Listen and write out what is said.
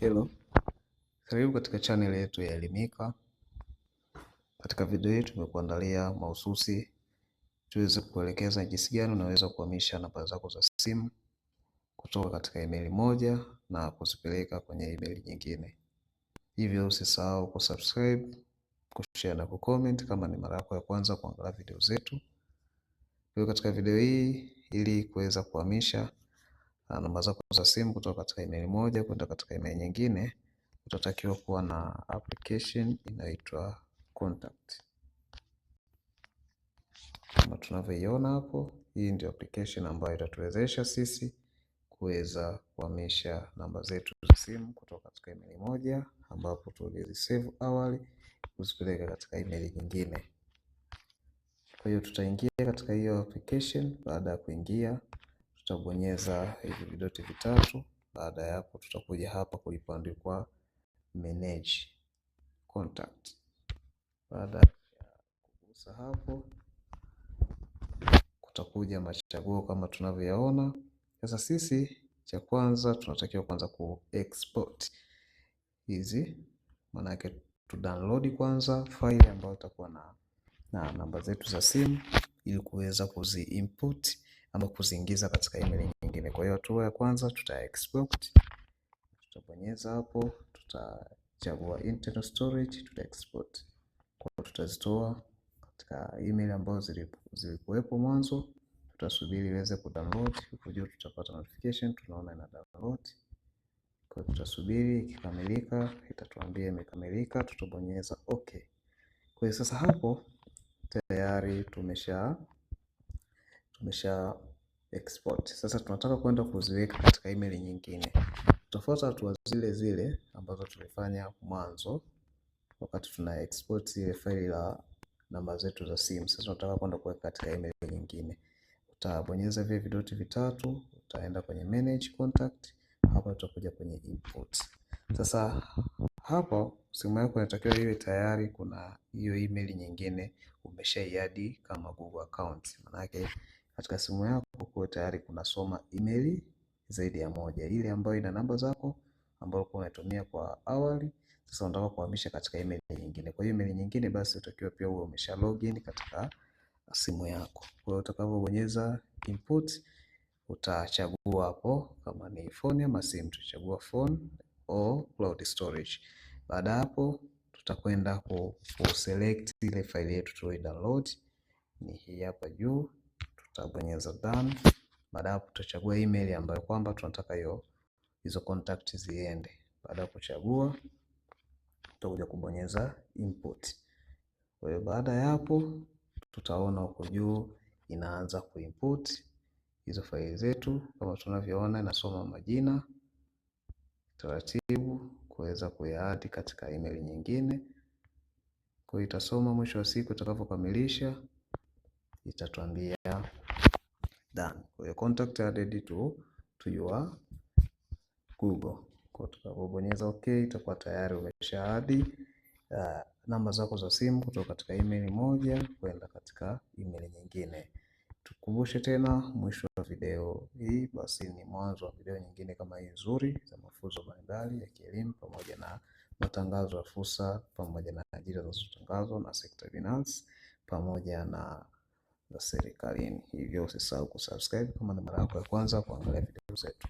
Hello. Karibu katika channel yetu ya Elimika. Katika video hii tumekuandalia mahususi tuweze kuelekeza jinsi gani unaweza kuhamisha namba zako za simu kutoka katika email moja na kuzipeleka kwenye email nyingine. Hivyo usisahau kusubscribe, kushare na kucomment kama ni mara yako ya kwanza kuangalia video zetu. Leo katika video hii ili kuweza kuhamisha namba zako za simu kutoka katika email moja kwenda katika email nyingine, utatakiwa kuwa na application inaitwa Contact kama tunavyoiona hapo. Hii ndio application ambayo itatuwezesha sisi kuweza kuhamisha namba zetu za simu kutoka katika email moja ambapo tulizisave awali kuzipeleka katika email nyingine. Kwa hiyo tutaingia katika hiyo application. Baada ya kuingia tutabonyeza hivi vidote vitatu. Baada ya hapo, tutakuja hapa kulipoandikwa manage contact. Baada ya kugusa hapo, kutakuja machaguo kama tunavyoyaona. Sasa sisi cha kwanza tunatakiwa kwanza ku export hizi, maana yake tu download kwanza file ambayo itakuwa na, na namba zetu za simu ili kuweza kuzi input ama kuziingiza katika email nyingine. Kwa hiyo hatua ya kwanza tuta export, tutabonyeza hapo, tutachagua internal storage, tuta export. Kwa hiyo tutazitoa katika email ambazo zilikuwepo mwanzo, tutasubiri iweze kudownload. Huko juu tutapata notification, tunaona ina download. Kwa hiyo tutasubiri ikikamilika, itatuambia imekamilika, tutabonyeza okay. Kwa hiyo sasa hapo tayari tumesha Tumesha export. Sasa tunataka kwenda kuziweka katika email nyingine. Tutafuata hatua zile zile ambazo tulifanya mwanzo wakati tuna export ile faili la namba zetu za simu. Sasa tunataka kwenda kuweka katika email nyingine. Utabonyeza vile vidoti vitatu, utaenda kwenye manage contact, hapa tutakuja kwenye import. Sasa hapo simu yako inatakiwa iwe tayari kuna hiyo email nyingine umeshaiadi kama Google account. Maana yake katika simu yako kuwe tayari kunasoma email zaidi ya moja, ile ambayo ina namba zako ambayo ulikuwa unatumia kwa awali, sasa unataka kuhamisha katika email nyingine. Kwa hiyo email nyingine, basi utakiwa pia uwe umesha login katika simu yako. Kwa hiyo utakapobonyeza input, utachagua hapo kama ni phone ama simu, tuchagua phone au cloud storage. Baada hapo tutakwenda ku select ile file yetu tulio download, ni hii hapa juu tutabonyeza done. Baada hapo tutachagua email ambayo kwamba tunataka hiyo hizo contact ziende. Baada ya kuchagua tutakuja kubonyeza import. Kwa hiyo baada ya hapo tutaona huko juu inaanza kuimport hizo faili zetu, kama tunavyoona inasoma majina taratibu kuweza kuyaadi katika email nyingine. Kwa hiyo itasoma mwisho wa siku itakapokamilisha itatuambia done. Kwa hiyo contact added to, to your Google. Kwa tutakapobonyeza okay, itakuwa tayari umesha hadi uh, namba zako za simu kutoka katika email moja kwenda katika email nyingine. Tukumbushe tena, mwisho wa video hii basi ni mwanzo wa video nyingine kama hii nzuri za mafunzo mbalimbali ya kielimu pamoja na matangazo ya fursa pamoja na ajira zinazotangazwa na sekta binafsi pamoja na za serikalini. Hivyo usisahau kusubscribe kama ni mara yako ya kwanza kuangalia video zetu.